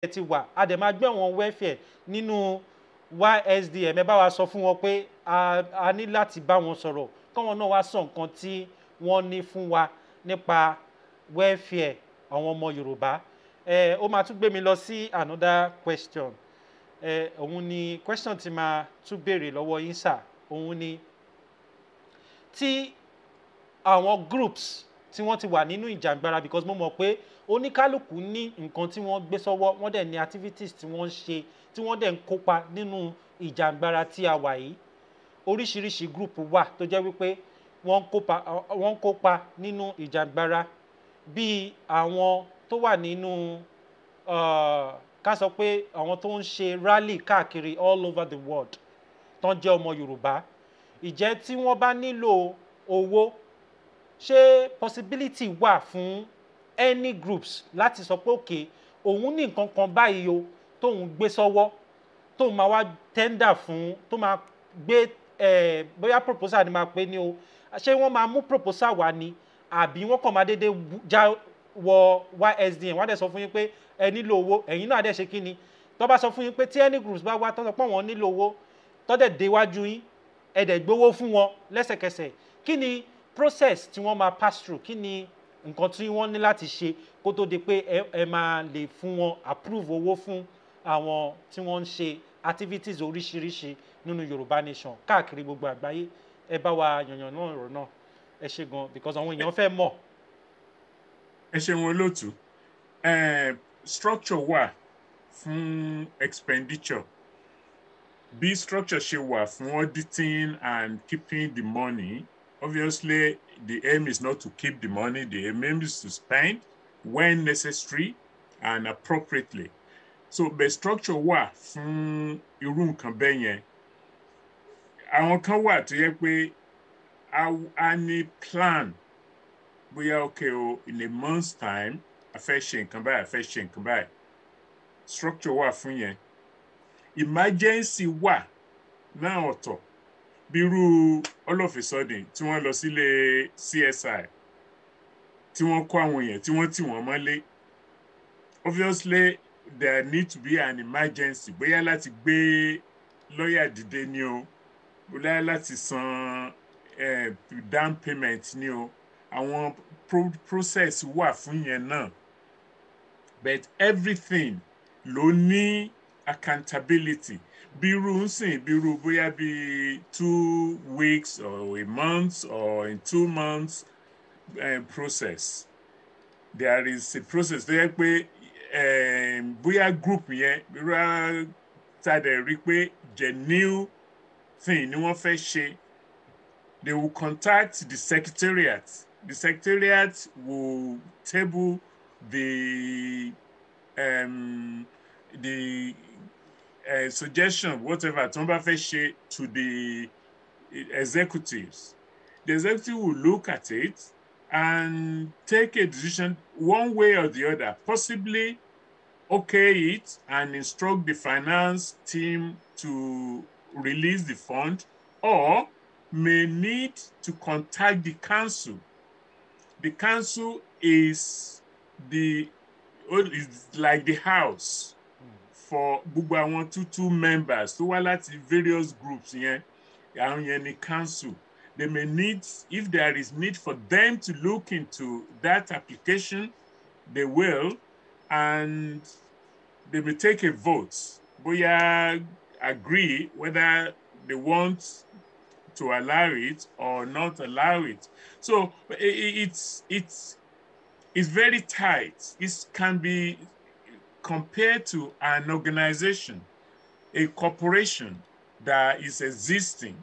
ẹ ti wà a dẹ̀ máa gbé àwọn welfare nínú YSDM ẹ bá wa sọ fún wọn pé a ní láti bá wọn sọ̀rọ̀ káwọn náà wá sọ nǹkan tí wọ́n ní fún wa nípa welfare àwọn ọmọ Yorùbá ẹ ó máa tún gbé mi lọ sí another question ẹ òun ni question tí máa tún béèrè lọ́wọ́ yín sà òun ni tí àwọn groups tí wọ́n ti wà nínú ìjàngbara because mo mọ̀ pé oníkálukú ní nǹkan tí wọ́n gbé sọ́wọ́ wọ́n dẹ̀ ní activities tí wọ́n ń ṣe tí wọ́n dẹ̀ ń kópa nínú ìjàngbara tí a wà yìí oríṣiríṣi group wà tó jẹ́ wípé wọ́n kópa wọ́n kópa nínú ìjàngbara bíi àwọn tó wà nínú ká sọ pé àwọn tó ń ṣe rally káàkiri all over the world tán jẹ́ ọmọ Yorùbá ìjẹ́ tí wọ́n bá nílò owó ṣé possibility wà fún any groups láti sọ pé òkè òun ní nǹkan kan báyìí o tóun gbé sọ́wọ́ tóun máa wá tender fún tó máa gbé eh, bóyá proposal ni máa pè ní o ṣé wọ́n máa mú proposal wá ni àbí wọ́n kàn máa dédé já wọ ysdn wọ́n á dẹ̀ sọ fún yín pé ẹ nílò owó ẹ̀yin náà á dẹ̀ ṣe kí ni tó bá sọ fún yín pé tí any groups bá wá tó sọ pé wọ́n nílò owó tó dẹ̀ déwájú yín ẹ dẹ̀ gbowó fún wọn lẹ́sẹ̀kẹsẹ̀ kí ni process tí wọ́n máa pass through kí ni nǹkan tí wọ́n ní láti ṣe kó tó di pé ẹ máa lè fún wọn approve owó fún àwọn tí wọ́n ń ṣe activities oríṣiríṣi nínú Yorùbá Nation káàkiri gbogbo àgbáyé ẹ bá wa yànyàn náà ọ̀rọ̀ náà ẹ ṣe gan because àwọn èèyàn fẹ́ mọ̀. ẹ ṣeun olóòtú structure wà fún expenditure bí structure ṣe wà fún auditing and keeping the money Obviously, the aim is not to keep the money, the aim is to spend when necessary and appropriately. So the structure wa fun irú nǹkan bẹ́ẹ̀ yẹn. Àwọn kan wà tó yẹ pé a ní plan bóyá okay o in a month's time a fẹ́ ṣe nǹkan báyìí a fẹ́ ṣe nǹkan báyìí structure wa fún yẹn. Emergency wa na ọ̀tọ̀ bírú all of a sudden tí wọ́n lọ sílé CSI tí wọ́n kó àwọn èèyàn tí wọ́n tì wọ́n mọ́lé obviously there need to be an emergency bóyá láti gbé lọ́ọ̀yà dìde ni o bóyá láti san eh, down payment ni o àwọn pro process wà fún yẹn náà but everything ló ní accountability bírú ń sìn bírú bóyá bí two weeks or a month or in two months um, process there is a process tó yẹ pé eh, bóyá group yẹn bóyá ta dẹ̀ rí pé new thing ni wọ́n fẹ́ ṣe they will contact the secretariat the secretariat will table the um, the uh, suggestion, whatever, to the executives. The executive will look at it and take a decision one way or the other, possibly okay it and instruct the finance team to release the fund or may need to contact the council. The council is the is like the house for gbogbo àwọn two two members tó wá láti various groups yẹn àwọn yẹn ni council they may need if there is need for them to look into that application they will and they may take a vote bóyá agree whether they want to allow it or not allow it. So it's it's it's very tight. It can be compared to an organization, a corporation that is existing,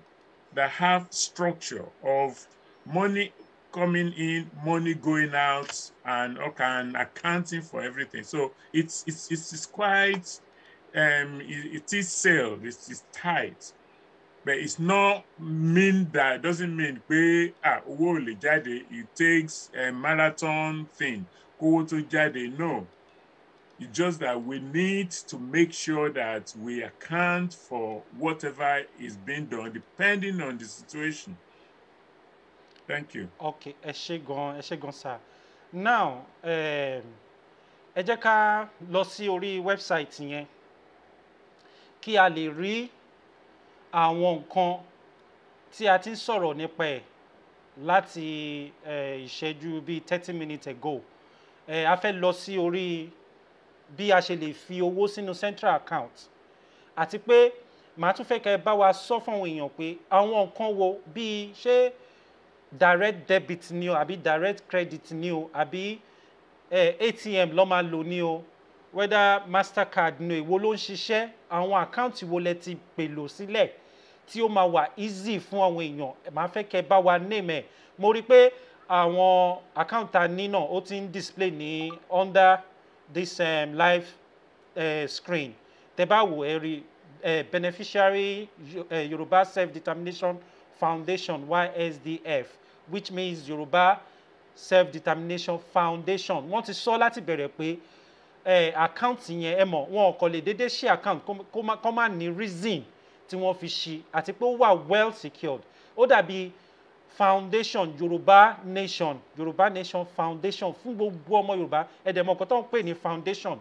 that have structure of money coming in, money going out, and okay, accounting for everything. So it's it's it's, it's quite um, it, it is sealed, it's, tight, but it's not mean that doesn't mean It takes a marathon thing. go tó jáde no It's just that we need to make sure that we account for whatever is being done depending on the situation. Thank you. Okay, ẹ ṣé gan, ẹ gan sir. Now, eh, ẹ jẹ́ ká lọ sí orí wẹ́bsáìtì yẹn kí a lè rí àwọn nǹkan tí a ti ń sọ̀rọ̀ nípa ẹ̀ láti eh, ìṣẹ́jú bíi thirty minutes ago. Ẹ eh, a fẹ́ lọ sí orí bí a ṣe lè fi owó sínú central account àti pé màá tún fẹ́ kẹ́ bá wa sọ fáwọn èèyàn pé àwọn nǹkan wo bíi ṣé direct debit ni o àbí direct credit ni o àbí ATM lọ́ máa lò ní o whether mastercard ni èwo ló ń ṣiṣẹ́ àwọn àkáǹtì wo lẹ ti pèlò sílẹ̀ tí ó máa wà easy fún àwọn èèyàn màá fẹ́ kẹ́ bá wa name ẹ̀ mo rí i pé àwọn àkáǹtà ní náà ó ti ń display ní under this um, live uh, screen tẹ́ bá wò ẹ uh, beneficiary uh, Yoruba Self-Determination Foundation YSDF which means Yoruba Self-Determination Foundation wọ́n ti sọ láti bẹ̀rẹ̀ pé àkáǹtì uh, yẹn ẹ mọ̀ wọn kò lè déédéé ṣí àkáǹtì kó má ní reason tí wọ́n fi ṣí àti pé ó wà well secured ó dàbí foundation Yoruba nation Yoruba nation foundation fún gbogbo ọmọ yorùbá ẹ̀dẹ̀mọ̀ nǹkan tó ń pè ní foundation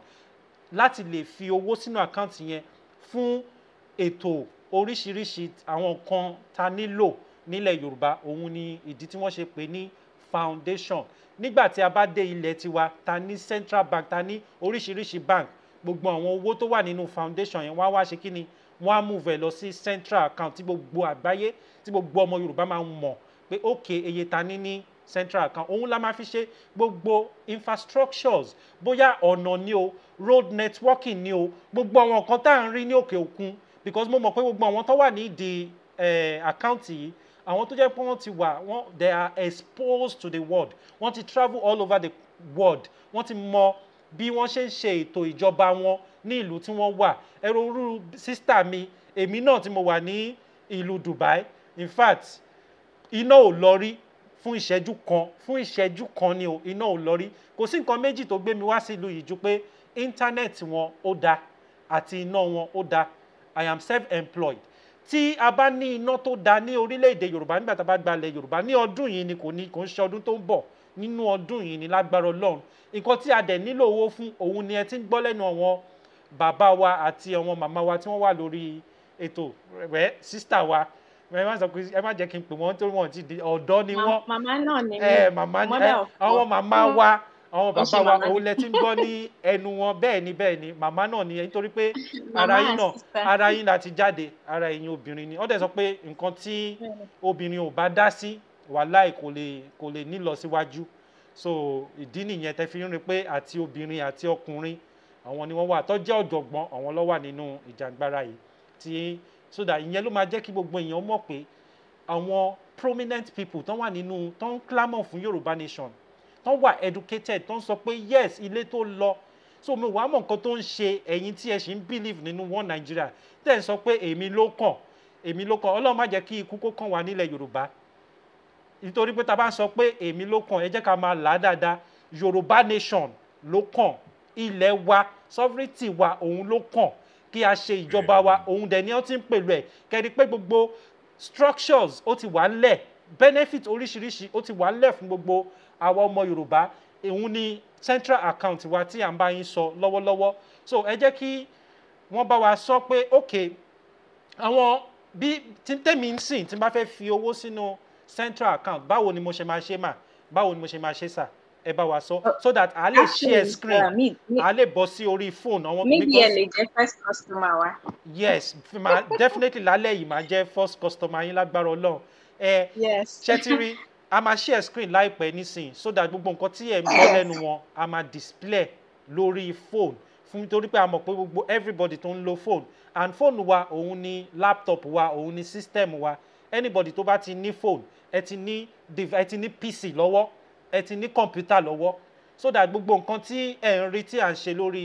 láti lè fi owó sínú àkáǹtì yẹn fún ètò oríṣiríṣi àwọn nǹkan ta nílò nílẹ̀ yorùbá òun ni ìdí tí wọ́n ṣe pè ní foundation nígbà tí a bá dé ilẹ̀ tiwa ta ní central bank ta ní oríṣiríṣi bank gbogbo àwọn owó tó wà nínú foundation yẹn wá wá ṣe kí ni wọ́n á move ẹ̀ lọ sí central account tí gbogbo àgbáyé tí gbogbo ọmọ yorùbá máa ń mọ̀ pé ok eye ta ní ní central account òun la máa fi ṣe gbogbo infrastructures bóyá ọ̀nà ni o road networking ni o gbogbo àwọn nǹkan tá à ń rí ní òkè òkun because mo mọ̀ pé gbogbo àwọn tó wà nídìí àkáǹtì yìí àwọn tó jẹ́ pé wọ́n ti wà wọ́n they are exposed to the world wọ́n ti travel all over the world wọ́n ti mọ bí wọ́n ṣe ń ṣe ètò ìjọba wọn ní ìlú tí wọ́n wà ẹ̀rọ orú sísítà mi èmi náà tí mo wà ní ìlú Dubai in fact iná ò lọ rí fún ìṣẹ́jú kan fún ìṣẹ́jú kan ni iná ò lọ rí kò sí nǹkan méjì tó gbé mi wá sílùú yìí ju pé íńtánẹ́ẹ̀tì wọn ó da àti iná wọn ó da i am self-employed tí a bá ní iná tó da ní orílẹ̀-èdè yorùbá nígbà tá a bá gbalẹ̀ yorùbá ní ọdún yìí ni kò ní kò ń ṣe ọdún tó ń bọ̀ nínú ọdún yìí ni lágbára ọlọ́run nǹkan tí a dẹ̀ nílò owó fún òun ni ẹ ti ń gbọ́ lẹ́nu àwọn bàbá wa àti àwọn màmá wa tí wọ́n wà lórí ètò rẹ̀ sísítà wa ẹ má sọ pé ẹ má jẹ́ kí n pè wọ́n tó wọ́n ti di ọ̀dọ́ ni wọ́n màmá náà ni ẹ màmá ni àwọn màmá wa àwọn bàbá wa òun lẹ ti ń gbọ́ ní ẹnu wọn bẹ́ẹ̀ ni bẹ́ẹ̀ ni màmá náà ni nítorí pé ara yín náà ara yín láti jáde ara ẹ̀yin obìnrin ni wọ́n dẹ̀ sọ pé nǹkan tí obìnrin ò bá dá sí wàláì kò lè kò lè ní lọ síwájú so ìdí nìyẹn tẹ́ fi ń rí pé àti obìnrin àti ọkùnrin àwọn ni wọ́n wà tó jẹ́ ọ̀jọ̀gbọ́n àwọn ló wà nínú ìjàngbara yìí tí so that ìyẹn ló máa jẹ́ kí gbogbo èèyàn mọ̀ pé àwọn prominent people tó wà nínú tó ń clamour fún Yorùbá nation tó wà educated tó ń sọ pé yes ilé tó lọ so mi wàá mọ̀ nǹkan tó ń ṣe ẹ̀yin tí ẹ sì ń believe nínú one Nigeria tẹ̀ ń sọ pé èmi ló kàn èmi ló kàn Ọlọ́run má jẹ́ kí ikú kó kàn wá nílẹ̀ Yorùbá nítorí pé ta bá ń sọ pé èmi ló kàn ẹ jẹ́ ká máa là á dáadáa Yorùbá nation ló kàn ilẹ̀ wa sovereignty wa òun ló kàn kí a ṣe ìjọba wa òun dẹ̀ ni ó ti ń pèlú ẹ̀ kẹ́ni pé gbogbo structures ó ti wà ńlẹ̀ benefit oríṣiríṣi ó ti wà ńlẹ̀ fún gbogbo àwa ọmọ Yorùbá òun ni central account wa tí à ń bá yín sọ lọ́wọ́lọ́wọ́ so ẹ jẹ́ kí wọ́n bá wa sọ pé ok àwọn bí tèmi ń sìn tí n bá fẹ́ fi owó sínú central account báwo ni mo ṣe máa ṣe mà báwo ni mo ṣe máa ṣe sà ẹ bá wa sọ uh, so that a lè share screen uh, a lè bọ́ sí orí fóònù àwọn. maybe ẹ lè jẹ first customer wa. yes ma definitely lálẹ́ yìí máa jẹ́ first customer yín lágbára ọlọ́run ẹ ṣẹ́tírí a máa share screen láìpẹ́ nísìnyí so that gbogbo nǹkan tí ẹ̀ ń gbọ́ lẹ́nu wọn a máa display lórí phone. fún torí pé a mọ̀ pé gbogbo everybody tó ń lo phone and phone wa òun ni laptop wa òun ni system wa anybody tó bá ti ní phone ẹ ti ní ẹ ti ní pc lọ́wọ́ ẹ ti ní kọ̀ǹpútà lọ́wọ́ so that gbogbo nǹkan tí ẹ̀ ń rí tí à ń ṣe lórí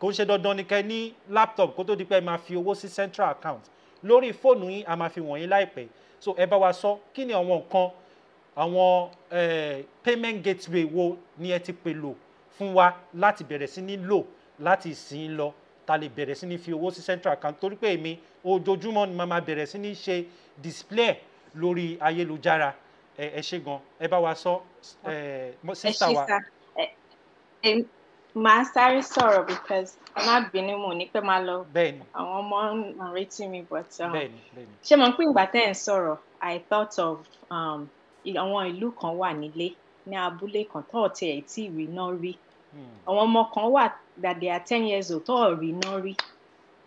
kò ń ṣe dandan ni kẹ́ ní laptop kó tó di pé ẹ máa fi owó sí central account lórí fóònù yín a máa fi wọ̀nyí láìpẹ́ so ẹ bá wa sọ kí ni àwọn nǹkan àwọn payment gateway wo ni ẹ ti pè lò fún wa láti bẹ̀rẹ̀ sí ní lò láti ìsìn lọ ta lè bẹ̀rẹ̀ sí ní fi owó sí central account torí pé èmi ojoojúmọ́ ni màá máa bẹ̀rẹ̀ sí ní ṣe display lórí ayélujára ẹ ṣe gan ẹ bá wa sọ ẹ sísá wa. màá sáré sọ̀rọ̀ because má bínú mo ní pẹ́ máa lọ àwọn ọmọ ń retí mi but um, ṣé mo ń pín ìgbà tẹ́ ẹ̀ ń sọ̀rọ̀ I thought of um, àwọn ìlú kan wà nílé ní abúlé kan tó ọ̀ tiẹ̀ tí ì rí náà rí hmm. àwọn ọmọ kan wà that they are ten years old tó ọ̀ náà rí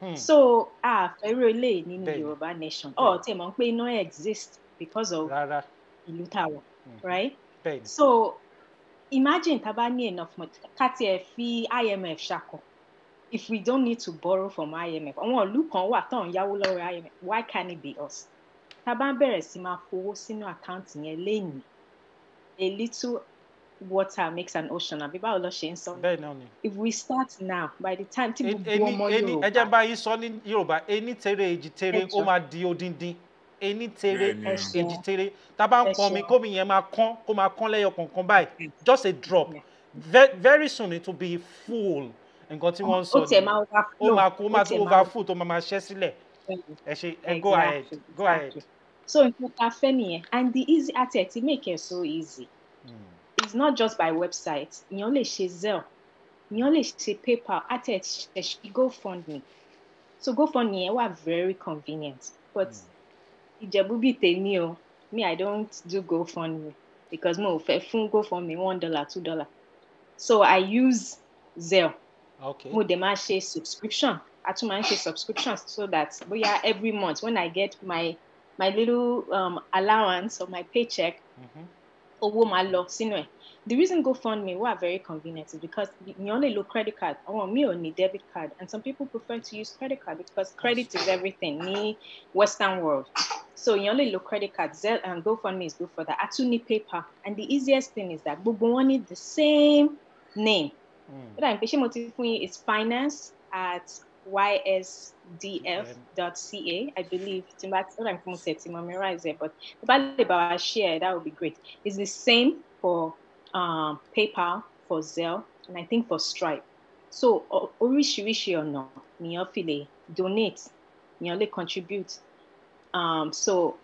hmm. so àfẹ́rẹ́ ilé nínú Yorùbá nation ọ̀ tẹ̀ mọ́ pé iná exist because of ìlú tá a wọ̀ mm-hmm. right so imagine tá bá ní enough money ká tiẹ̀ fi IMF ṣakọ if we don't need to borrow from IMF àwọn ìlú kan wà tó ń yáwó lọ́wọ́ IMF why can't it be us tá a bá bẹ̀rẹ̀ sí máa fowó sínú àkáǹtì yẹn lẹ́yìn a little water makes an ocean àbí báwo lọ ṣe ń sọ. bẹ́ẹ̀ náà ni. if we start now by the time tí gbogbo ọmọ yorùbá. ẹ jẹ́ bá yín sọ ní yorùbá ẹni tẹ̀rẹ̀ èjì tẹ̀rẹ̀ ó máa di odindin ení tere èjì tere tá a bá ń pọn mi kómi yẹn máa kán kó máa kán lẹ́yọ kọ̀ọ̀kan báyìí just a drop very soon it will be full nǹkan tí wọ́n ń sọ ní ó máa kó máa tó overfull tó máa máa ṣẹ́ sílẹ̀ ẹ ṣe ẹ go ahead go ahead. so nǹkan ta fẹ́ nìyẹn and the easy aspect it make it so easy mm. it's not just by website èèyàn lè ṣe Zelle èèyàn lè ṣe PayPal go fund me. so go fund me. yẹn wà very convenient but. Mm Ìjẹ̀bú tèmi o me I don't do GoFundMe because mo fẹ́ fún GoFundMe one dollar two dollar so I use Zelle okay. mo dẹ̀ máa ṣe subscription i tún máa ṣe subscription so that bóyá every month when I get my my little um, allowance or my paycheck mhm. owó ma lọ sínú ẹ̀ the reason GoFundMe were very convenient is because you only look credit card. I want me only debit card, and some people prefer to use credit card because credit is everything. Me, Western world, so you only look credit card Zelle and GoFundMe is good for that. A tún ní PayPal and the easiest thing is that gbogbo wọn is the same name. But I'm hmm. ṣé mo ti is it's finance at ysdf.ca I believe tí I'm tí ó dàbí pé mo tẹ̀ tí it but tí bá share that would be great. It's the same for um, PayPal for Zelle and I think for Stripe. So oríṣiríṣi ọ̀nà nìyẹn fi lè donate nìyẹn contribute Um, so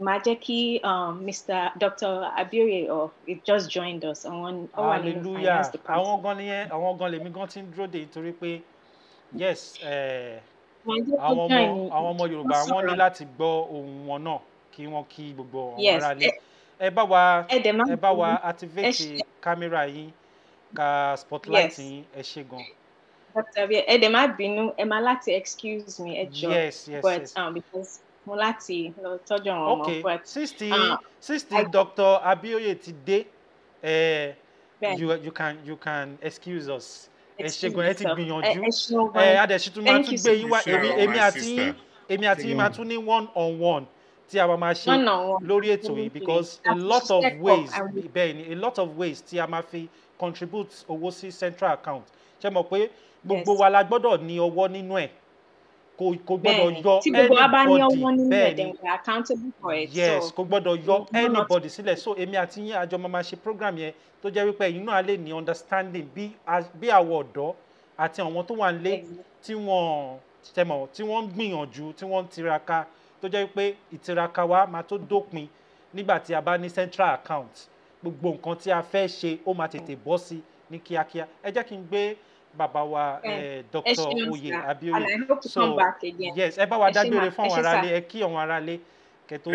Majeki, um, Mr. Dr. Abure, or oh, it just joined us. Àwọn ó wà nínú finance department. Àwọn gan ni yẹn, àwọn gan lèmi gan ti ń dúró de nítorí pé yes, eh, àwọn ọmọ àwọn ọmọ Yorùbá wọ́n ní láti gbọ́ ohùn wọn náà kí wọ́n kí gbogbo àwọn ará ilé. Ẹ bá wa ẹ bá wa activate kámẹ́rà yín ka spotlight yín ẹ ṣe gan. Dr. Abure, ẹ dẹ̀ má bínú, ẹ máa láti excuse me, ẹ jọ. Yes, yes, but, yes. Um, because mo láti lọ tọ́jú àwọn ọmọ but sixty sixty Dr. Abioye ti dé eh, you can you can excuse us ẹ ṣe gan ẹ ti gbìyànjú ẹ eh, adẹ̀sítú máa tún gbé yín wá èmi èmi àti èmi àti yín máa tún ní one on one tí a máa ṣe lórí ètò yìí because a lot of ways bẹ́ẹ̀ ni a lot of ways tí a máa fi contribute owó sí central account ṣe mọ̀ pé gbogbo wa la gbọ́dọ̀ ní ọwọ́ nínú ẹ̀ kò kò gbọ́dọ̀ yọ anybody bẹ́ẹ̀ni yes kò gbọ́dọ̀ yọ anybody sílẹ̀ so èmi àti yín àjọ máa ṣe program yẹn tó jẹ́ wípé inú alẹ́ ní understanding bí bí àwọn ọ̀dọ́ àti àwọn tó wà nílé tí wọ́n tẹmọ̀ tí wọ́n ń gbìyànjú tí wọ́n ń tiraka tó jẹ́ wípé ìtiraka wa máa tó dópin nígbà tí a bá ní central account gbogbo nǹkan tí a fẹ́ ṣe ó máa tètè bọ́ sí ní kíákíá ẹ jẹ́ kí n gbé bàbá wa Dr. Oyè Abíọ́yè so yes ẹ bá wa dágbére fún àwọn aráalé ẹ kí àwọn aráalé kẹtó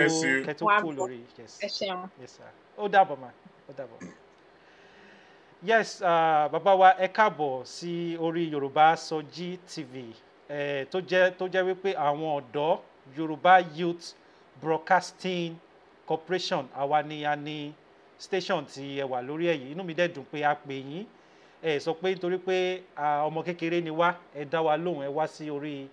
kẹtó kú lórí yes yes sir ó dàbọ̀ ma ó dàbọ̀ yes uh, bàbá wa ẹ káàbọ̀ sí orí Yorùbá Sọjí TV eh, tó jẹ́ tó jẹ́ wípé àwọn ọ̀dọ́ Yorùbá Youth Broadcasting Corporation àwa ni a ní station tí ẹ wà lórí èyí inú mi dẹ̀ dùn pé a pè yín ẹ sọ pé nítorí pé ọmọ kékeré ni wá ẹ dá wa lóhùn ẹ wá sí orí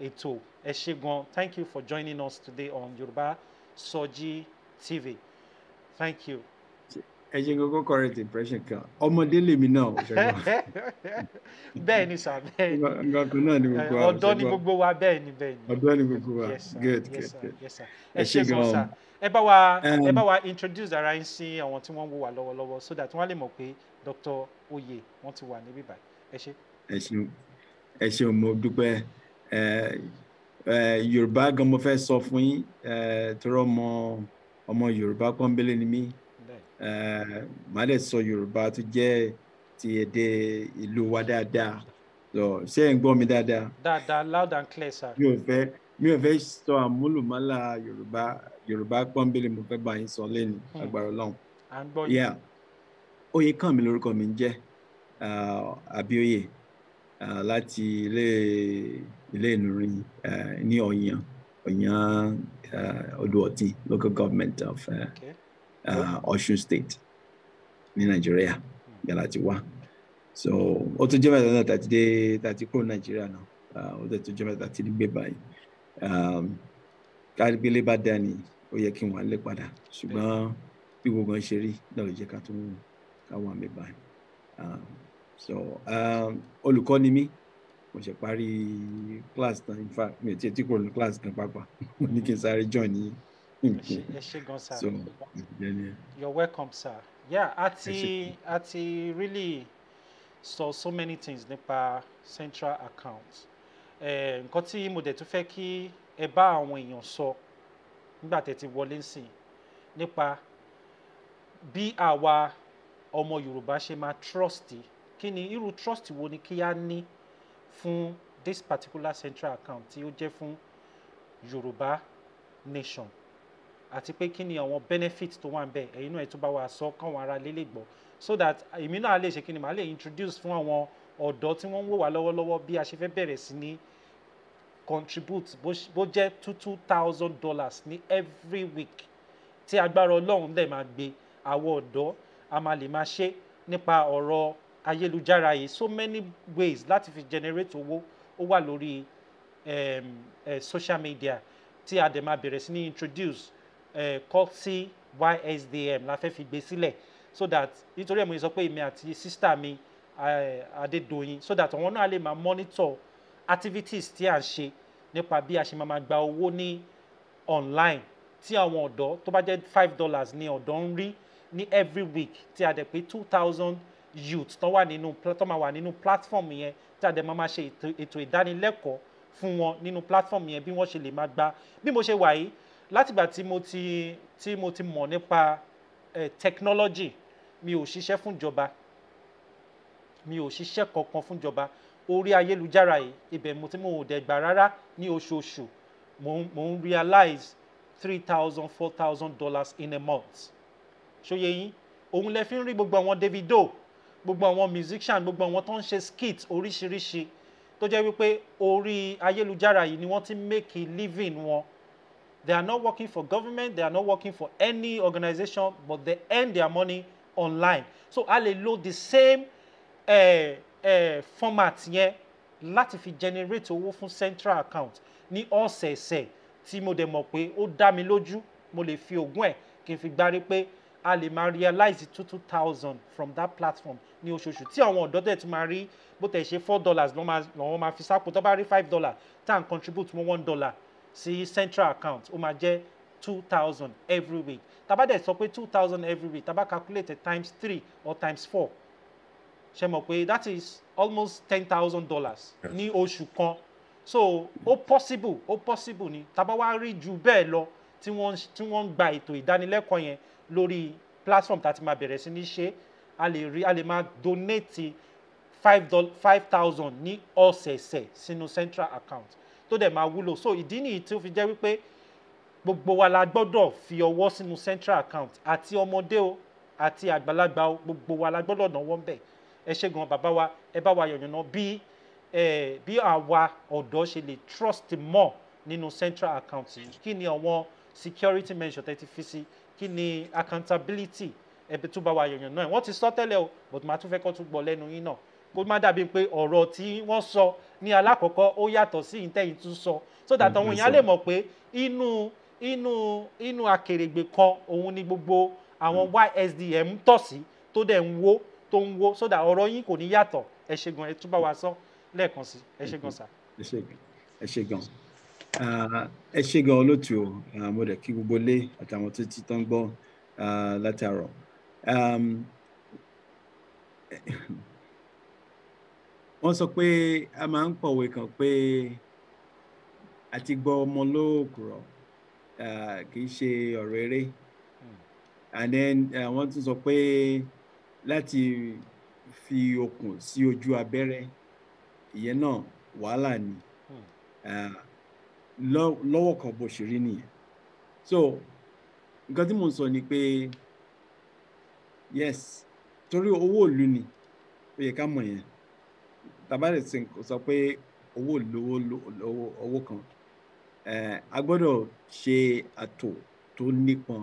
ètò ẹ ṣé gan thank you for joining us today on Yorùbá Sọjí TV thank you. ẹ ṣe kókó correct impression kan ọmọdé lèmi náà ṣẹgbọn. bẹ́ẹ̀ ni sà bẹ́ẹ̀ ni nǹkan náà ni gbogbo wa ọ̀dọ́ ni gbogbo wa bẹ́ẹ̀ ni bẹ́ẹ̀ ni ọ̀dọ́ ni gbogbo wa good good good ẹ ṣé gan sà ẹ bá wa um, ẹ bá wa introduce ara yín sí àwọn tí wọ́n ń wò wá lọ́wọ́lọ́wọ́ so that wọ́n á lè mọ̀ pé Dr. Oye, wọ́n ti wà níbí báyìí ẹ ṣe. ẹ ṣeun ẹ ṣeun mo dúpẹ́ Yorùbá gan mo fẹ́ sọ fún yín tọrọ ọmọ ọmọ Yorùbá pọ́nbélé ni mí màá dẹ̀ sọ Yorùbá tó jẹ́ ti èdè ìlú wa dáadáa lọ ṣé ẹ̀ ń gbọ́ mi dáadáa. dáadáa loud and clear sir. mi ò fẹ́ mi ò fẹ́ sọ àmúlùmálà Yorùbá Yorùbá pọ́nbélé mo fẹ́ bá yín sọ lẹ́nu hmm. agbára Ọlọ́run. à ń gbọ́ yìí. Oyèkánmi lórúkọ mi ń jẹ́ uh, Abíóyè uh, láti ilé ilé ìnurin uh, ní Ọ̀yàn Ọ̀yàn Odò-Ọ̀tì local government of Ọ̀ṣun state ní Nàìjíríà yàrá ti wá so ó tún jẹ́ mẹ́ta náà tàti dé tàti kúrò Nàìjíríà náà ó tẹ̀ tún jẹ́ mẹ́ta tàti gbé báyìí um, kárígbélé bá dání ó yẹ kí n wà lé padà ṣùgbọ́n bí gbogbo ń ṣe rí náà ló jẹ́ ká tún mú táwọn àmì báyìí so um, olùkọ́ ni mí mo ṣe parí class tán in fact mi ò tiẹ̀ tí kò lọ class kan pàápàá mo ní kí n sáré join ní nǹkan ẹ ṣé gan sir so you're welcome sir yeah ati ati really sọ so, so many things nípa central account nǹkan tí mo dẹ̀ tún fẹ́ kí ẹ bá àwọn èèyàn sọ nígbà tẹ̀ ti wọlé ń sìn nípa bí àwa ọmọ Yorùbá ṣe máa trust kí ni irú trust wo ni kí á ní fún this particular central account tí ó jẹ́ fún Yorùbá nation àti pé kí ni àwọn benefit tó wà ń bẹ ẹ̀yin náà ẹ̀ tó bá wa sọ káwọn ará lé lè gbọ́ so that èmi náà lè ṣe kí ni màá lè introduce fún àwọn ọ̀dọ́ tí wọ́n ń wò wá lọ́wọ́lọ́wọ́ bí a ṣe fẹ́ bẹ̀rẹ̀ sí ní contribute bó jẹ́ two two thousand dollars ní every week tí agbára Ọlọ́run dẹ̀ máa gbé àwọn ọ̀dọ́ a máa lè máa ṣe nípa ọ̀rọ̀ ayélujára yìí so many ways láti fi generate owó ó wà lórí um, uh, social media tí a dẹ̀ máa bẹ̀rẹ̀ sí ní introduce uh, eh, Coxy YSDM la fẹ́ fi gbé sílẹ̀ so that nítorí ẹ̀ mo sọ pé èmi àti sísítà mi eh, Adédoyin so that àwọn náà lè máa monitor activities tí a ń ṣe nípa bí a ṣe máa gba owó ní online tí àwọn ọ̀dọ́ tó bá jẹ́ five dollars ní ọ̀dọ́ ń rí ní every week tí a dẹ̀ pé two thousand youth tó wà nínú tó máa wà nínú platform yẹn tí a dẹ̀ máa ṣe ètò ìdánilẹ́kọ̀ọ́ fún wọn nínú platform yẹn bí wọ́n ṣe lè máa gba bí mo ṣe wà yìí látìgbà tí mo ti tí mo ti mọ̀ nípa eh, technology mi ò ṣiṣẹ́ fúnjọba mi ò ṣiṣẹ́ kankan fúnjọba orí ayélujára yìí ibẹ̀ mo ti mo ò dẹ̀ gbà rárá ní oṣooṣù mo ń realize three thousand four thousand dollars in a month ṣòye yín òun lẹ fi ń rí gbogbo àwọn Davido gbogbo àwọn musician gbogbo àwọn tó ń ṣe skit oríṣiríṣi tó jẹ́ wípé orí ayélujára yìí ni wọ́n ti make a living wọn they are not working for government they are not working for any organization but they earn their money online so a lè lo the same uh, uh, format yẹn láti fi generate owó fún central account ní ọ̀sẹ̀ẹ̀sẹ̀ tí mo dẹ̀ mọ̀ pé ó dá mi lójú mo lè fi ògùn ẹ̀ kí n fi gbárí pé a lè máa realize two two thousand from that platform ní oṣooṣù tí àwọn ọ̀dọ́ tẹ̀ tún máa rí bó tẹ̀ ṣe four dollars lọ́wọ́ máa fi sápò tó bá rí five dollars tá à ń contribute mọ́ one dollar sí central account ó máa jẹ́ two thousand every week tábà dẹ̀ sọ pé two thousand every week tábà calculate times three or times four ṣe mọ̀ pé that is almost ten thousand dollars ní oṣù kan so ó possible ó possible ni tábà wá rí ju bẹ́ẹ̀ lọ tí wọ́n ń gba ètò ìdánilẹ́kọ̀ọ́ yẹn lórí platform tá a ti máa bẹ̀rẹ̀ sí ní ṣe a lè rí a lè máa donate five dollar five thousand ní ọ̀sẹ̀ẹ̀sẹ̀ sínú central account tó dẹ̀ máa wúlò so ìdí nìyí tí ó fi jẹ́ wípé gbogbo wa la gbọ́dọ̀ fi ọwọ́ sínú central account àti ọmọdé o àti àgbàlagbà o gbogbo wa la gbọ́dọ̀ náwó ń ẹ ṣe gan bàbá wa ẹ bá wa yànnàná bí bí àwa ọ̀dọ́ ṣe lè trust more nínú central account yìí kí ni àwọn security measure tẹ́ ti fi sí i kí ni accountability ẹbí tó bá wa yẹ̀yàn náà wọ́n ti sọ tẹ́lẹ̀ o but màá tún fẹ́ kọ́ tún gbọ́ lẹ́nu yín náà kó má dàbí pé ọ̀rọ̀ tí wọ́n sọ ní alákọ̀ọ́kọ́ ó yàtọ̀ sí ìtẹ̀yìn tún sọ so that àwọn èèyàn lè mọ̀ pé inú inú inú akèrègbè kan òun ni gbogbo àwọn YSDM tọ̀ sí tó dẹ̀ ń wó tó ń wó so that ọ̀rọ̀ yín kò ní yàtọ̀ ẹ ṣé gan ẹ tún bá wa sọ lẹ́ẹ̀kan sí ẹ ṣé gan sà. ẹ ṣé gan ẹ ṣé gan ẹ ṣe gan olóòtú o mo dẹ̀ kí gbogbo lé àtàwọn tó ti tán gbọ́ látàárọ̀ wọ́n sọ pé a máa ń pọ̀wé kan pé àti gbọ́ ọmọ lóòkùrọ̀ kì í ṣe ọ̀rọ̀ eré and then wọ́n tún sọ pé láti fi okùn sí ojú abẹ́rẹ́ ìyẹn náà wàhálà ni lọ́wọ́ kan bó ṣe rí nìyẹn so nǹkan tí mo ń sọ ni pé yes torí owó ìlú ni ó yẹ ká mọ̀ yẹn tàbárẹ sì sọ pé owó lówó owó kan a gbọ́dọ̀ ṣe àtò tó nípọn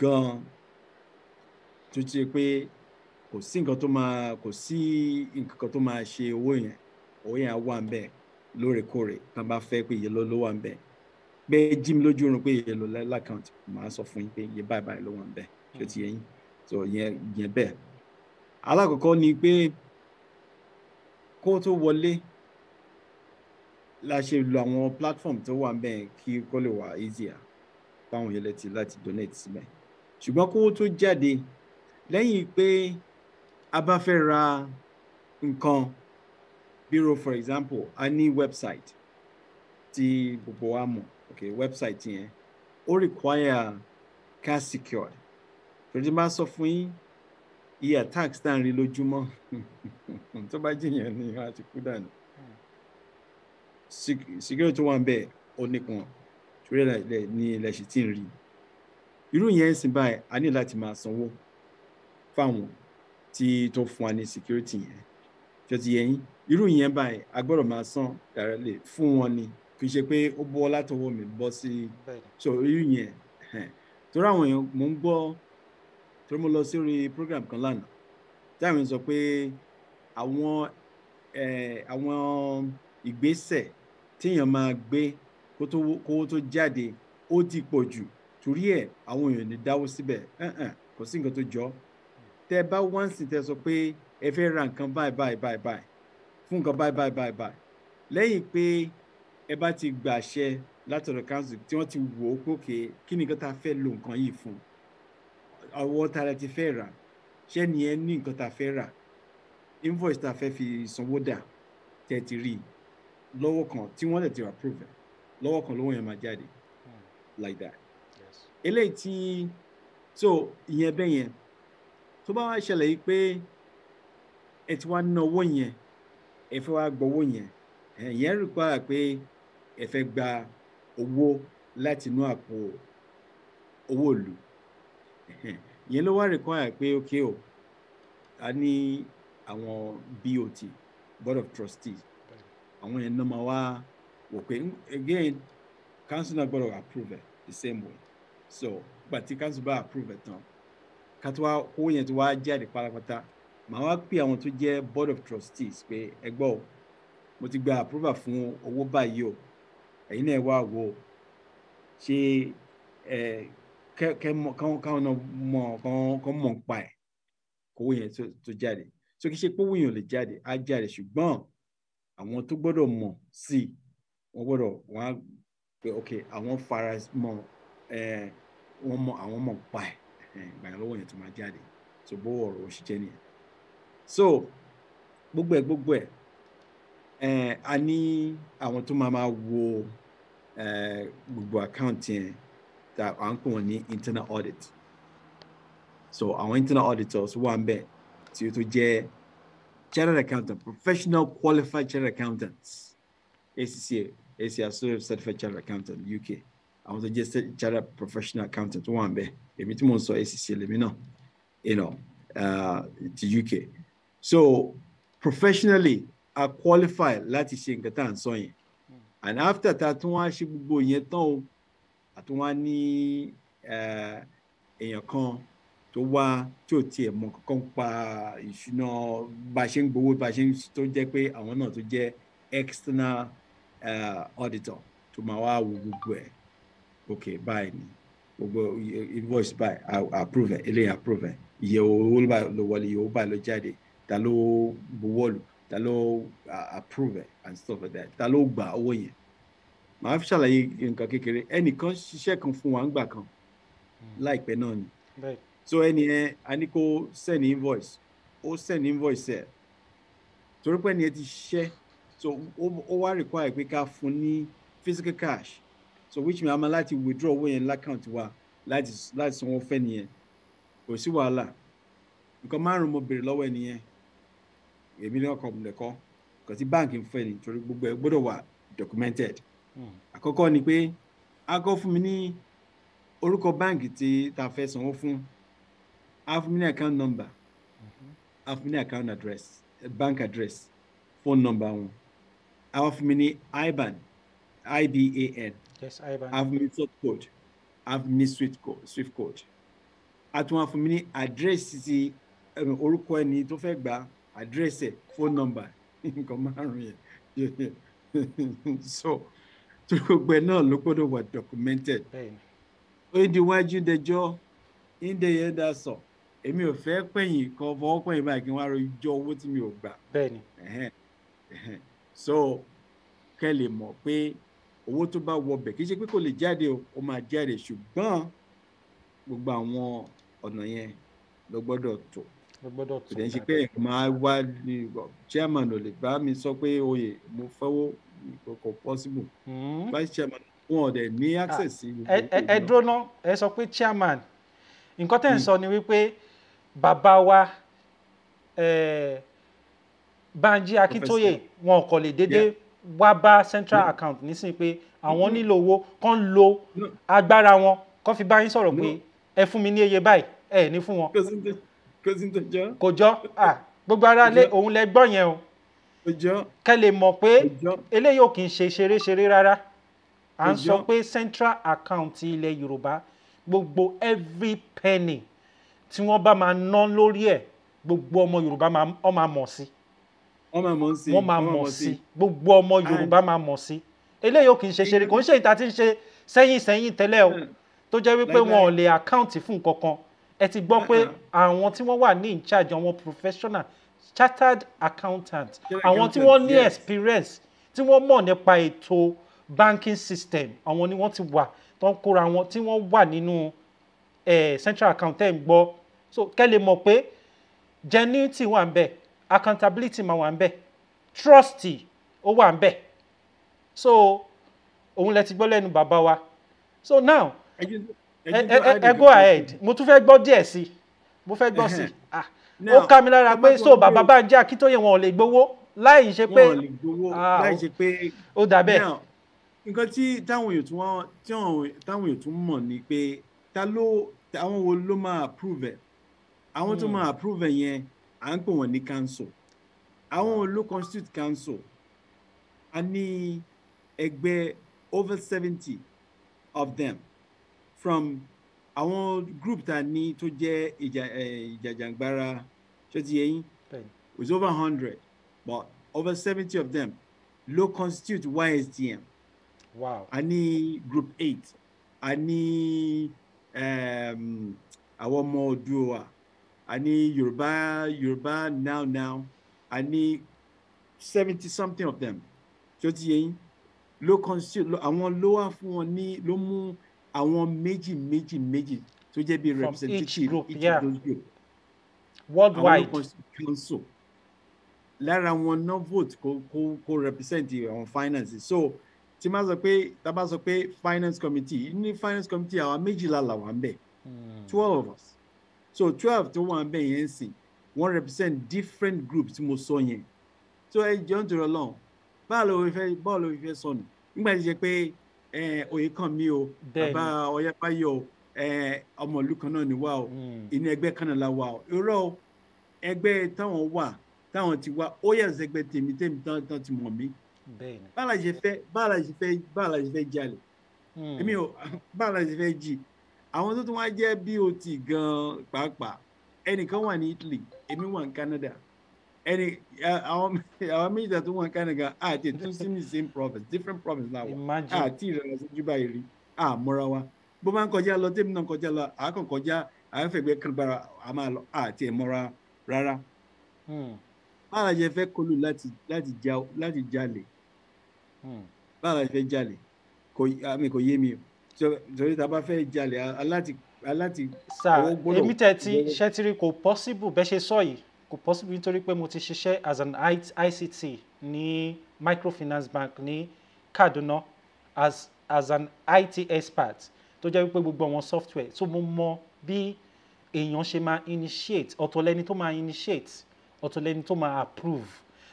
gan-an tó ṣe pé kò sí nǹkan tó máa kò sí nǹkan tó máa ṣe owó yẹn owó yẹn á wà ń bẹ́ẹ̀ lóòrèkóòrè tá a bá fẹ́ pé iye ló wà ń bẹ̀ pé jí mi lójú oorun pé iye ló lákàntì màá sọ fún yín pé iye báyìí báyìí ló wà ń bẹ̀ ṣé ti yẹ yín so yẹn yẹn bẹ́ẹ̀ alákọ̀ọ́kọ́ ni pé kó tó wọlé la ṣe lo àwọn platform tó wà ń bẹ̀ kí kó lè wà easier fáwọn yẹn lẹ́tì láti donate síbẹ̀ ṣùgbọ́n kó tó jáde lẹ́yìn pé a bá fẹ́ ra nǹkan Bureau, for example any website tí gbogbo wa mọ̀ okay website yẹn ó require car secured torí bá sọ fún yín iye tax tá à ń rí lójúmọ́ tó bá jìyàn ni a ti kú dànù security tó wà ń bẹ̀ ó nípọn torí ní ilẹ̀ ṣì ti ń rí irú yẹn sì báyìí a ní láti máa sanwó fáwọn tí tó fún wa ní security yẹn ṣọtí yẹn irú yẹn báyìí a gbọ́dọ̀ máa san directly fún wọn ni kì í ṣe pé ó bọ́ látọwọ́ mi bọ́ sí so irú yẹn torí àwọn èèyàn mò ń gbọ́ torí mo lọ sórí program kan lánàá táwọn èèyàn sọ pé àwọn àwọn ìgbésẹ̀ téèyàn máa gbé kówó tó jáde ó ti pọ̀ jù torí ẹ̀ àwọn èèyàn lè dáwó síbẹ̀ kò sí nǹkan tó jọ hmm. tẹ́ bá wá ń sìn sọ pé ẹ fẹ́ ra nǹkan báyìí báyìí báyìí báyìí fún nǹkan báyìí báyìí báyìí báyìí lẹ́yìn pé ẹ bá ti gbàṣẹ látọ̀dọ̀ council tí wọ́n ti wò ó pòkè kí ni nǹkan a fẹ́ lo nǹkan yìí fún ọwọ́ tá a ti fẹ́ rà ṣé ni ẹ ní nǹkan tá a fẹ́ rà invoice tá a fẹ́ fi sanwó dà tẹ́ ti rí lọ́wọ́ kan tí wọ́n lè ti approve lọ́wọ́ kan lọ́wọ́ yẹn máa jáde hmm. like that eléyìí tí so ìyẹn bẹ́ẹ̀ yẹn tó bá wá ṣẹlẹ̀ yìí pé ẹ ti wá ná owó yẹn ẹ fẹ́ wá gbowó yẹn ẹ̀yẹn rí pa pé ẹ fẹ́ gba owó láti inú àpò owó ìlú yẹn ló wá rí pa pé ok o a ní àwọn BOT board of trustees àwọn yẹn náà máa wá wò pé again council náà gbọ́dọ̀ approve it the same way so gbàtí council bá approve it tán ká tó wá owó yẹn tó wá jáde pátápátá màá wá pè àwọn tó jẹ́ board of trustees pé ẹ gbọ́ o mo ti gba approval fún owó báyìí o ẹ̀yin náà wá wò ó ṣé ẹ kẹ káwọn náà mọ kán mọ̀ ń pa ẹ̀ kówó yẹn tó jáde tó kí ṣe pé owó yẹn ò lè jáde á jáde ṣùgbọ́n àwọn tó gbọ́dọ̀ mọ̀ sí wọ́n gbọ́dọ̀ wọ́n á pé ok àwọn fara mọ́ ẹ wọ́n mọ àwọn mọ̀ ń pa ẹ̀ ìgbà yẹn lọ́wọ́ yẹn tó máa jáde tó bó ọ̀rọ̀ òṣìṣẹ́ nìyẹn so gbogbo ẹ̀ gbogbo ẹ̀ ẹ̀ eh, a ní àwọn tó máa máa wo eh, gbogbo àkáǹtì yẹn tá à ń pè wọ́n ní internal audit so àwọn internal auditors wà ń bẹ̀ tí ó tó jẹ́ chartered accountant professional qualified chartered accountants ACCA ACCA certified chartered accountant UK àwọn tó jẹ́ chartered professional accountant wà ń bẹ̀ èmi tí mo ń sọ ACCA lèmi náà you know, uh, ti UK so professionally I qualify láti ṣe nǹkan tá à ń sọ yẹn and after ta tún wá ṣe gbogbo yẹn tán o a tún wá ní èèyàn kan tó wá tí ò tiẹ̀ mọ̀ kankan pa ìṣúná bá a ṣe ń gbowó bá a ṣe ń tó jẹ́ pé àwọn náà tó jẹ́ external uh, auditor tó máa wá wo gbogbo ẹ̀ ok báyìí ni gbogbo invoice báyìí approve ẹ̀ eléyìí approve ẹ̀ iye owó ló wọlé iye owó báyìí jáde ta ló buwọ́lù ta ló approve ẹ̀ and stuff like that ta ló gba owó yẹn màá fi ṣàlàyé nǹkan kékeré ẹnìkan ṣiṣẹ́ kan fún wa ńgbà kan hmm. láìpẹ́ náà ni so ẹni yẹn a ní kó send invoice ó send invoice ẹ̀ torí pé ẹni yẹn ti ṣiṣẹ́ so ó wá require pé ká fún ní physical cash so which means a máa láti withdraw owó yẹn lákàǹt wa láti láti sanwó fẹ́ nìyẹn kò sí wàhálà nǹkan márùn-ún mo béèrè lọ́wọ́ ẹni yẹn èmi náà kàn lẹ́kọ́ kò sí báǹkì ń fẹ́ torí gbogbo ẹ̀ gbọ́dọ̀ wà documented. Hmm. àkọ́kọ́ ni pé a kọ́ fún mi ní orúkọ báǹkì tí ta fẹ́ sanwó fún a fún mi ní account number hmm. a fún mi ní account address bank address phone number wọn a fún mi ní IBAN IBAN yes, a fún mi ní sort code a fún mi ní swift code swift code a tún wá fún mi ní àdírẹ́sì ti eh, orúkọ ẹni tó fẹ́ gbà á address ẹ phone number nǹkan márùn yẹn so tó gbogbo ẹ náà ló gbọ́dọ̀ wà documented ó di iwájú dẹjọ́ ìdẹyẹ dá sọ èmi ò fẹ́ pẹ̀yìn kan fọwọ́ pẹ̀yìn báyìí kí n wá rojọ́ owó tí mi ò gbà so kẹ́ lè mọ̀ pé owó tó bá wọbẹ̀ kì í ṣe pé kò lè jáde ó máa jáde ṣùgbọ́n gbogbo àwọn ọ̀nà yẹn ló gbọ́dọ̀ tó kò dẹ̀ ṣe pé máa wá chairman ò lè bá mi sọ pé oyè mo fẹ́wọ́ kò possible hmm. vice chairman wọn ò dẹ̀ ní access sí. Ah, ẹ dúró ná ẹ sọ pé chairman nǹkan tẹ̀ ń hmm. sọ ni wípé bàbá wa Banji Akintoye wọn kò lè déédéé wá bá central account nísìnyí pé àwọn mm-hmm. nílò owó kán lo agbára wọn kán fi bá yín sọ̀rọ̀ pé ẹ fún mi ní iye báyìí ẹ ní fún wọn kò sí tó jọ. kò jọ gbogbo ara lé òun lẹ gbọ́ yẹn o kẹ́ lè mọ̀ pé eléyìí ò kì í ṣe ṣeréṣeré rárá à ń sọ pé central account ilẹ̀ Yorùbá gbogbo every penny tí wọ́n bá máa ná lórí ẹ̀ gbogbo ọmọ Yorùbá ọ máa mọ̀ sí wọ́n máa mọ̀ sí wọ́n máa mọ̀ sí gbogbo ọmọ Yorùbá máa mọ̀ sí eléyìí ò kì í ṣe ṣeré kò ń ṣe ìta tí ń ṣe sẹ́yìn sẹ́yìn tẹ́lẹ̀ o hmm. tó jẹ́ wípé wọn ò lè àkáǹtì fún nǹkan kan ẹ ti gbọ́ pé mm-hmm. àwọn tí wọ́n wà ní in charge àwọn professional chartered accountant àwọn tí wọ́n ní experience tí wọ́n mọ̀ nípa ètò banking system àwọn ni wọ́n ti wà tó ń kóra wọn tí wọ́n wà nínú central accountant gbọ́ so kẹ́lẹ̀ mọ̀ pé genuity wà ń bẹ̀ accountability máa wà ń bẹ̀ trust ó wà ń bẹ̀ so òun lẹ ti gbọ́ lẹ́nu bàbá wa so now ẹ go ahead mo tún fẹ́ gbọ́ díẹ̀ sí i mo fẹ́ gbọ́ sí i ah, ó ká mi lára pé so bàbá Bánjí Akíntóyè wọn ò lè gbowó láì ṣe pé wọn ò lè gbowó ah, láì ṣe pé ó dà bẹ́ẹ̀. nǹkan tí táwọn èèyàn tún táwọn èèyàn tún mọ̀ ni pé ta ló àwọn wo ló máa approve ẹ̀ àwọn tó hmm. máa approve ẹ̀ yẹn à ń pè wọ́n ní council àwọn hmm. ló constitute council a ní ẹgbẹ́ over seventy of them from àwọn group ta ní tó jẹ́ ìjàjàngbara ṣé ti yẹn it's over hundred but over seventy of them ló constitute YSDM. Wow. a ní group eight a ní um, àwọn ọmọ Oòduà a ní Yorùbá Yorùbá now now a ní seventy something of them ṣé ti yẹn constitute àwọn ló wà fún wọn ní ló mú àwọn méjì méjì méjì tó jẹ́ bí representative group, each group, yeah. worldwide council lára wọn no vote kó kó kó represent on finances so tí máa sọ pé tá bá sọ pé finance committee ní finance committee àwa méjìlá làwọn ń bẹ hmm. twelve of us so twelve tó wà ń bẹ yẹn ń sìn represent different groups tí mo sọ yẹn so ẹ jọ ń tòrọ lọ́hùn báwo ló fẹ́ báwo ló fẹ́ sọnù nígbà tí ó ṣe pé Eh, oyèkànmí o bàbá ọyábáyọ o eh, ọmọ ìlú kan náà ni wá o hmm. inú ẹgbẹ́ kan náà la wà o irọ́ ẹgbẹ́ táwọn wà táwọn ti wá ó yẹ ẹgbẹ́ tèmi tèmi tán ti mọ̀ mí báàlà ṣe fẹ́ báàlà ṣe fẹ́ báàlà ṣe fẹ́ jalè hmm. èmi ò báàlà ṣe fẹ́ jì àwọn tó tún wá jẹ́ bot gan pàápàá ẹnìkan wà ní Italy èmi wà ní Canada ẹni àwọn àwọn méjìlá tó wọn kánì gan àti tún sí ní same province different province náà wà ah, ìrẹ̀lẹ̀ sójú báyìí rí àmọ́ra wa bó máa ń kọjá lọ tèmi náà kọjá lọ àákàn kọjá àáfẹ̀gbẹ́ kẹrìngbára a máa lọ àti ah, ìmọ́ra rárá. Hmm. báwa ṣe fẹ́ kọlù láti láti já láti jalè hmm. báwa ṣe fẹ́ jalè kò àmì ah, kò yé mi o sọrí ta bá fẹ́ jalè aláti aláti. sà èmi tẹ̀ tí ṣẹ́tìrì ko possible bẹ́ẹ̀ ṣe sọ yìí kò possible nítorí pé mo ti ṣiṣẹ́ as an ICT ní microfinance bank ní Kaduna as as an IT expert tó jẹ́ wípé gbogbo àwọn software so mo mọ bí èèyàn ṣe máa initiate ọ̀tọ̀ lẹni tó máa initiate ọ̀tọ̀ lẹni tó máa approve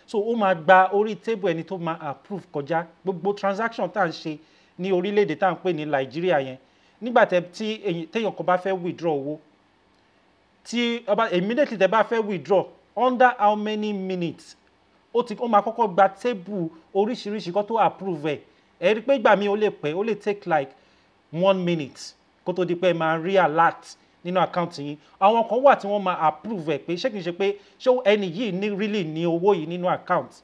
so ó máa gba orí tébù ẹni tó máa approve kọjá gbogbo transaction tá à ń ṣe ní orílẹ̀-èdè tá à ń pè ní Nàìjíríà yẹn nígbà tí téèyàn kan bá fẹ́ withdraw owó tí ọba immediately tẹ bá fẹ́ withdraw under how many minutes ó ti ó máa kọ́kọ́ gba table oríṣiríṣi kó tó approve ẹ̀ ẹ rí pé ìgbà mi ó lè pẹ́ ó lè take like one minute kó tó di pé ẹ máa rí alert nínú àkáǹtì yín àwọn kan wà tí wọ́n máa approve ẹ̀ pé ṣé kìí ṣe pé ṣé ẹni yìí ní really ní owó yìí nínú àkáǹtì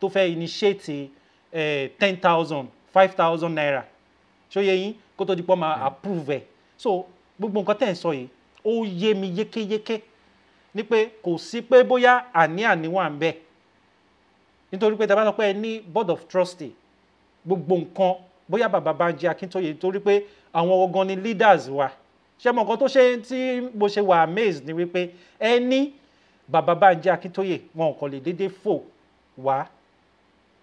tó fẹ́ initiate ten thousand five thousand naira ṣó yẹ yín kó tó di pé ó máa hmm. approve ẹ̀ so gbogbo nǹkan tẹ̀ ń sọ yìí ó yé mi yékéyéké ní pé kò sí pé bóyá àní-àní wà ń bẹ nítorí pé tàbá pé ní board of trustee gbogbo nǹkan bóyá bàbá Banji Akíntóyè nítorí pé àwọn ọgán ni leaders wa ṣé mo nǹkan tó ṣe tí mo ṣe wà amazed ni wípé ẹ ní bàbá Banji Akíntóyè wọn kàn lè déédéé fò wá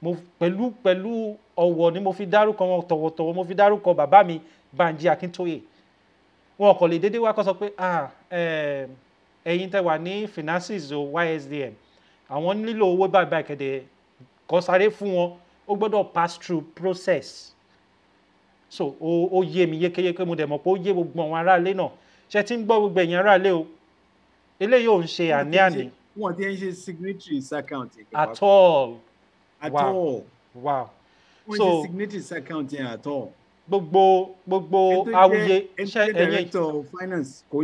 mo pẹ̀lú pẹ̀lú ọ̀wọ̀ ni mo fi dárúkọ wọn tọ̀wọ̀tọ̀wọ̀ mo fi dárúkọ bàbá mi Banji Akíntóyè wọn kò lè déédéé wá kó sọ pé ẹ̀yin tẹ́ wà ní finances o YSDM àwọn nílò owó báyìí báyìí kẹ̀dẹ̀ kọ́ sáré fún wọn ó gbọ́dọ̀ pass through process so ó yé mi yékéyéké mo dẹ̀ mọ̀ pé ó yé gbogbo àwọn aráalé náà ṣe ti ń gbọ́ gbogbo ẹ̀yin aráalé o eléyìí ò ń ṣe àní àní. wọn ti ń ṣe signatories account. at all at wow. all wow. wọn ṣe signatories account yẹn at all gbogbo gbogbo awuye ṣe ẹyin finance kò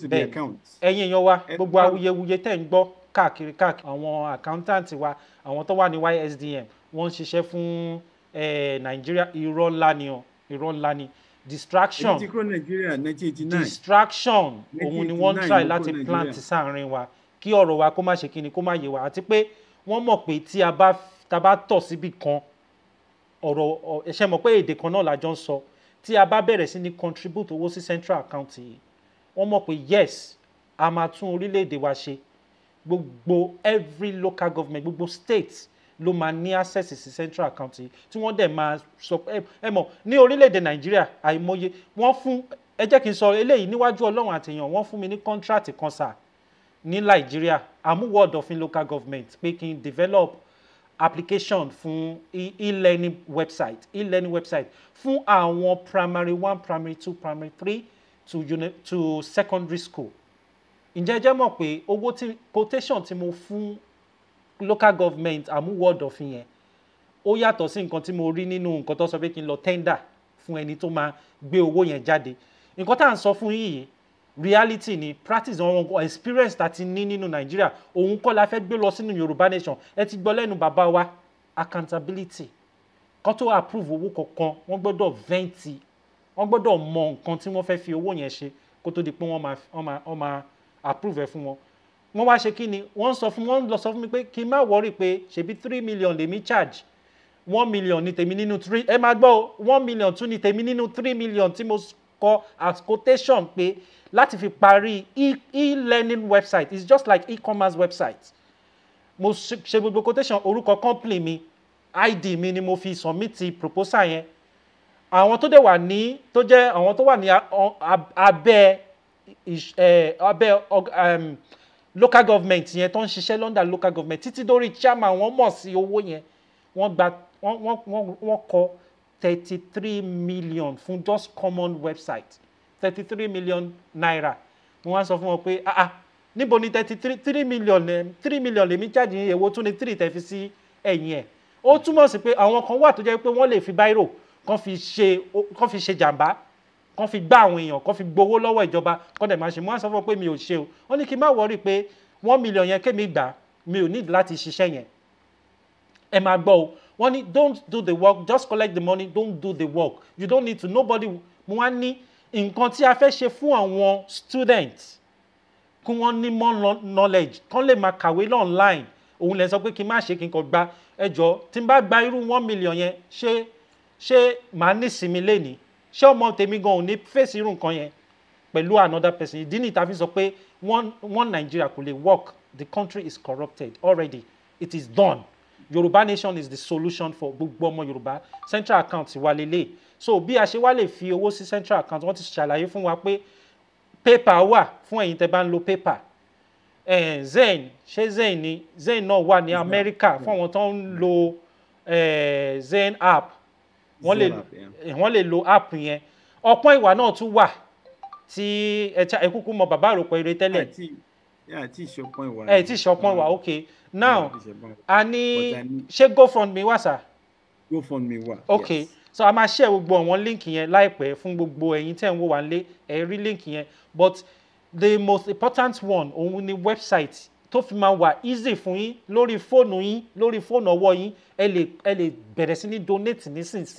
to the account. ẹyin èèyàn wa gbogbo awuyewuye tẹ̀ ń gbọ́ káàkiri káàkiri àwọn accountant wa àwọn tó wà ní ysdm wọ́n ń ṣiṣẹ́ fún nàìjíríà irọ́ ńlá ni o irọ́ ńlá ni distraction distraction òun ni wọ́n ń try láti plant sáàrin wa kí ọ̀rọ̀ wa kó má ṣe kíni kó má yé wa àti pé wọ́n mọ̀ pé tí a bá tọ̀ síbì kan ọ̀rọ̀ ẹṣẹ mọ̀ pé èdè kan náà la jọ ń sọ tí a bá bẹ̀rẹ̀ sí ní contribute owó sí central account yìí wọ́n mọ̀ pé yes a máa tún orílẹ̀-èdè wa ṣe gbogbo every local government gbogbo state ló máa ní access sí central account yìí tí wọ́n dẹ̀ máa sọ ẹ mọ̀ ní orílẹ̀-èdè nàìjíríà àìmọye wọ́n fún ẹ jẹ́ kí n sọ eléyìí níwájú ọlọ́run àtèèyàn wọ́n fún mi ní contract kan sáà ní nàìjíríà àmúwọ̀ local government pé kí n develop application fún e-learning website e-learning website fún àwọn primary one primary two primary three to, to secondary school ǹjẹ́ jẹ́ mọ̀ pé owó tí quotation tí mo fún local government àmúwọ́dọ̀ fi yẹn ó yàtọ̀ sí nǹkan tí mo rí nínú nǹkan tó sọ pé kí n lọ tender fún ẹni tó máa gbé owó yẹn jáde nǹkan tá à ń sọ fún yìí reality ni practice àwọn experience tá ti ní nínú Nàìjíríà òun kọ́ la fẹ́ gbé lọ sínú Yorùbá nation ẹ ti gbọ́ lẹ́nu bàbá wa accountability kan tó approve owó kankan wọ́n gbọ́dọ̀ vẹ́ǹtì wọ́n gbọ́dọ̀ mọ nǹkan tí wọ́n fẹ́ fi owó yẹn ṣe kó tó di pé wọ́n máa wọ́n máa approve ẹ̀ fún wọn wọ́n wá ṣe kí ni wọ́n sọ fún wọ́n lọ sọ fún mi pé kí n má wọ́rì pé ṣebí three million lèmi charge one million ni tèmi nínú three ẹ máa gbọ́ one million tún ni tèmi nínú three million tí mo kọ as quotation pé láti fi parí e, e-learning e website it's just like e-commerce website mo ṣe gbogbo quotation orúkọ company mi id mi ni mo fi submit proposal yẹn àwọn tó dẹ̀ wà ní tó jẹ́ àwọn tó wà ní abẹ́ abẹ́ local government yẹn tó ń ṣiṣẹ́ London local government títí dórí chairman wọ́n mọ̀ sí owó yẹn wọ́n gba wọ́n wọ́n wọ́n kọ thirty-three million fún just common website thirty-three million naira ni wọ́n sọ fún wọn pé ah ah níbo ni thirty-three three million three million lèmi jáde yẹn èwo tún ni three tẹ́ fi sí ẹ̀yìn ẹ̀ ó túmọ̀ sí pé àwọn kan wà tó jẹ́ pé wọ́n lè fi báírò kan fi ṣe kan fi ṣe jàǹbá kan fi gbá àwọn èèyàn kan fi gbowó lọ́wọ́ ìjọba kan dẹ̀ máa ṣe mú sọ fún ọ pé mi ò ṣe o wọ́n ní kí n má wọrí pé one million yẹn kémi gbà mi ò need láti ṣiṣẹ́ yẹn ẹ máa gbọ́ o wọ́n don't do the work just collect the money don't do the work you don't need to nobody mo in ní nǹkan tí a fẹ́ ṣe fún àwọn student kí wọ́n more knowledge kán lè máa kàwé online òun lè sọ pé kí n má ṣe kí n kò gba ẹjọ́ tí n gba irú one million yen. yẹn ṣé ṣé màá nísinmi lẹ́ni ṣé ọmọ tèmi gan ò face fèsì irú nǹkan yẹn pẹ̀lú another person ìdí nìyí tá a fi sọ pé one one Nigeria kò lè work the country is corrupted already it is done. Yorùbá nation is the solution for gbogbo ọmọ Yorùbá central account wa lélẹ̀ so bí a ṣe wá lè fi owó sí central account wọ́n ti ṣàlàyé fún wa pé paper wà fún ẹ̀yin tẹ́ bá ń lo paper eh, zen ṣé zen ni zen náà wà ní Amẹ́ríkà fún àwọn tó ń lo eh, zen app wọ́n lè wọ́n lè lo app yẹn ọpọ́n ìwà náà tún wà tí ẹ kúkú mọ bàbá àròpọ̀ eré tẹ́lẹ̀ ẹ tí ìṣọpọ́n ìwà mm. ok now a ní ṣé gofundme wà sá. gofundme wà. okay so a máa share gbogbo àwọn líǹkì yẹn láìpẹ́ fún gbogbo ẹ̀yin tẹ́ ń wò wá lé ẹ rí líǹkì yẹn but the most important one òun ni website tó fi máa wà easy fún yín lórí fóònù yín lórí fóònù ọwọ́ yín ẹ lè ẹ lè bẹ̀rẹ̀ sí ní donate nísinsìnyí.